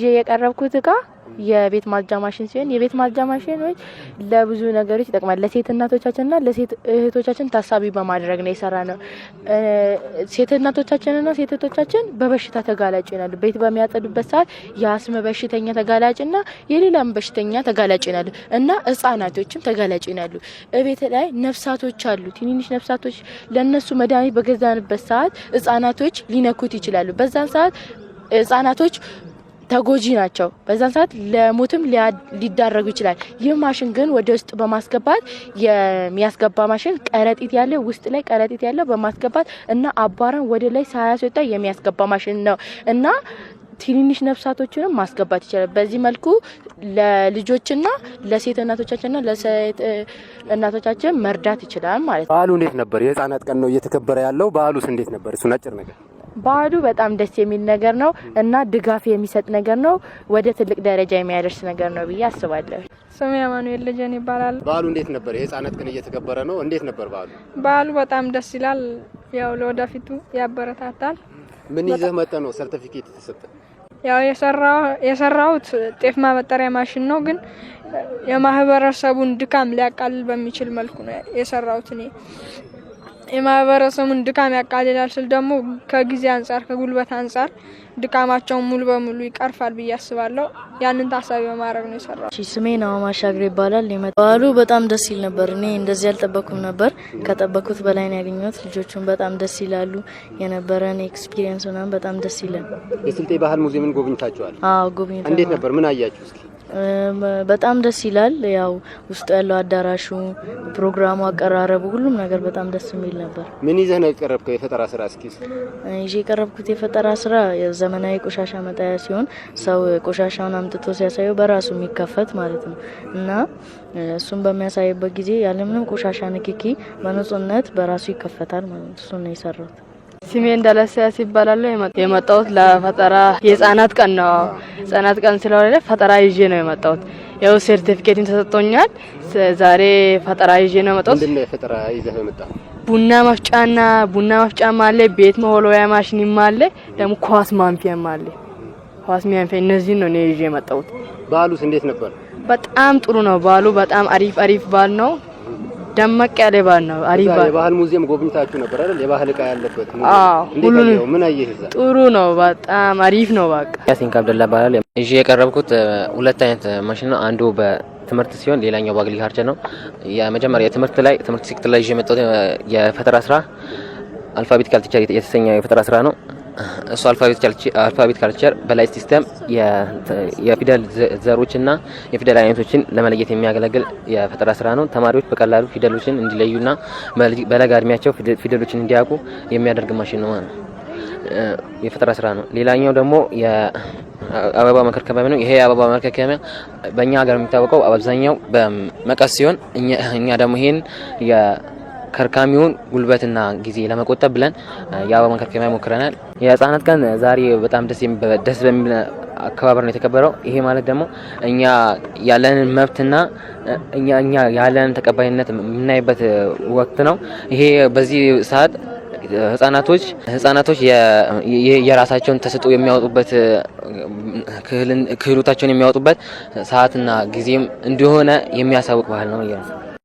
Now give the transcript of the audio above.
ይዤ የቀረብኩት እቃ የቤት ማጽጃ ማሽን ሲሆን የቤት ማጽጃ ማሽኖች ለብዙ ነገሮች ይጠቅማል። ለሴት እናቶቻችንና ለሴት እህቶቻችን ታሳቢ በማድረግ ነው የሰራ ነው። ሴት እናቶቻችንና ሴት እህቶቻችን በበሽታ ተጋላጭ ይሆናሉ። ቤት በሚያጸዱበት ሰዓት የአስም በሽተኛ ተጋላጭና የሌላም በሽተኛ ተጋላጭ ይሆናሉ እና ሕጻናቶችም ተጋላጭ ይሆናሉ። እቤት ላይ ነፍሳቶች አሉ፣ ትንንሽ ነፍሳቶች። ለእነሱ መድኃኒት በገዛንበት ሰዓት ሕጻናቶች ሊነኩት ይችላሉ። በዛን ሰዓት ህጻናቶች ተጎጂ ናቸው። በዛን ሰዓት ለሞትም ሊዳረጉ ይችላል። ይህ ማሽን ግን ወደ ውስጥ በማስገባት የሚያስገባ ማሽን ቀረጢት ያለ ውስጥ ላይ ቀረጢት ያለ በማስገባት እና አቧራን ወደ ላይ ሳያስወጣ የሚያስገባ ማሽን ነው እና ትንንሽ ነፍሳቶችንም ማስገባት ይችላል። በዚህ መልኩ ለልጆችና ለሴት እናቶቻችንና ለሴት እናቶቻችን መርዳት ይችላል ማለት ነው። በዓሉ እንዴት ነበር? የህፃናት ቀን ነው እየተከበረ ያለው። በዓሉስ እንዴት ነበር? እሱን አጭር ነገር ባህሉ በጣም ደስ የሚል ነገር ነው እና ድጋፍ የሚሰጥ ነገር ነው። ወደ ትልቅ ደረጃ የሚያደርስ ነገር ነው ብዬ አስባለሁ። ስሜ አማኑኤል ልጀን ይባላል። በዓሉ እንዴት ነበር? የህፃናት ቀን እየተከበረ ነው። እንዴት ነበር በዓሉ? በዓሉ በጣም ደስ ይላል። ያው ለወደፊቱ ያበረታታል። ምን ይዘህ መጠ ነው ሰርቲፊኬት የተሰጠ? ያው የሰራሁት ጤፍ ማበጠሪያ ማሽን ነው፣ ግን የማህበረሰቡን ድካም ሊያቃልል በሚችል መልኩ ነው የሰራሁት እኔ የማህበረሰቡን ድካም ያቃልላል ስል ደግሞ ከጊዜ አንጻር ከጉልበት አንጻር ድካማቸውን ሙሉ በሙሉ ይቀርፋል ብዬ አስባለሁ። ያንን ታሳቢ በማድረግ ነው የሰራው። ስሜ ነው ማሻግሬ ይባላል። በዓሉ በጣም ደስ ይል ነበር። እኔ እንደዚህ አልጠበኩም ነበር። ከጠበኩት በላይ ነው ያገኘሁት። ልጆቹን በጣም ደስ ይላሉ። የነበረን ኤክስፒሪየንስ ምናምን በጣም ደስ ይለን። የስልጤ ባህል ሙዚየምን ጎብኝታችኋል? አዎ ጎብኝታ። እንዴት ነበር? ምን አያችሁ? እስኪ በጣም ደስ ይላል። ያው ውስጡ ያለው አዳራሹ፣ ፕሮግራሙ፣ አቀራረቡ፣ ሁሉም ነገር በጣም ደስ የሚል ነበር። ምን ይዘህ ነው የቀረብከው የፈጠራ ስራ? እስኪ ይዤ የቀረብኩት የፈጠራ ስራ ዘመናዊ ቆሻሻ መጣያ ሲሆን ሰው ቆሻሻውን አምጥቶ ሲያሳየው በራሱ የሚከፈት ማለት ነው እና እሱን በሚያሳይበት ጊዜ ያለምንም ቆሻሻ ንክኪ በንጹህነት በራሱ ይከፈታል ማለት ነው። እሱን ነው የሰራሁት። ስሜ እንዳለሰያስ ይባላል። የመጣሁት ለፈጠራ የህጻናት ቀን ነው። ህጻናት ቀን ስለሆነ ፈጠራ ይዤ ነው የመጣሁት። ያው ሰርቲፊኬትም ተሰጥቶኛል። ዛሬ ፈጠራ ይዤ ነው የመጣሁት። ቡና መፍጫና ቡና መፍጫም አለ፣ ቤት መወልወያ ማሽንም አለ፣ ደግሞ ኳስ ማንፊያም አለ። ኳስ ማንፊያ እነዚህ ነው እኔ ይዤ የመጣሁት። በዓሉስ እንዴት ነበር? በጣም ጥሩ ነው በዓሉ። በጣም አሪፍ አሪፍ በዓል ነው። ደመቅ ያለ ባህል ነው። አሪፍ ባህል የባህል ሙዚየም ጎብኝታችሁ ነበር አይደል? የባህል ዕቃ ያለበት ሙዚየም ምን አየህ እዛ? ጥሩ ነው፣ በጣም አሪፍ ነው። በቃ ያሲን አብደላ እባላለሁ። እሺ የቀረብኩት ሁለት አይነት ማሽን ነው። አንዱ በ በትምህርት ሲሆን ሌላኛው በአግሪካልቸር ነው። የመጀመሪያ የትምህርት ላይ ትምህርት ሴክተር ላይ የመጣው የፈጠራ ስራ አልፋቤት ቲቸር የተሰኘ የፈጠራ ስራ ነው። እሱ አልፋቤት ካልቸር በላይ ሲስተም የፊደል ዘሮችና የፊደል አይነቶችን ለመለየት የሚያገለግል የፈጠራ ስራ ነው። ተማሪዎች በቀላሉ ፊደሎችን እንዲለዩና በለጋ እድሜያቸው ፊደሎችን እንዲያውቁ የሚያደርግ ማሽን ነው ማለት ነው። የፈጠራ ስራ ነው። ሌላኛው ደግሞ የአበባ መከርከሚያ ነው። ይሄ የአበባ መከርከሚያ በእኛ ሀገር የሚታወቀው አብዛኛው በመቀስ ሲሆን እኛ ደግሞ ይሄን ከርካሚውን ጉልበትና ጊዜ ለመቆጠብ ብለን የአበባ መከርከሚያ ሞክረናል። የህፃናት ቀን ዛሬ በጣም ደስ በሚል አከባበር ነው የተከበረው። ይሄ ማለት ደግሞ እኛ ያለንን መብትና እኛ ያለንን ተቀባይነት የምናይበት ወቅት ነው። ይሄ በዚህ ሰዓት ህጻናቶች ህጻናቶች የራሳቸውን ተሰጥኦ የሚያወጡበት ክህሎታቸውን የሚያወጡበት ሰዓትና ጊዜም እንደሆነ የሚያሳውቅ ባህል ነው።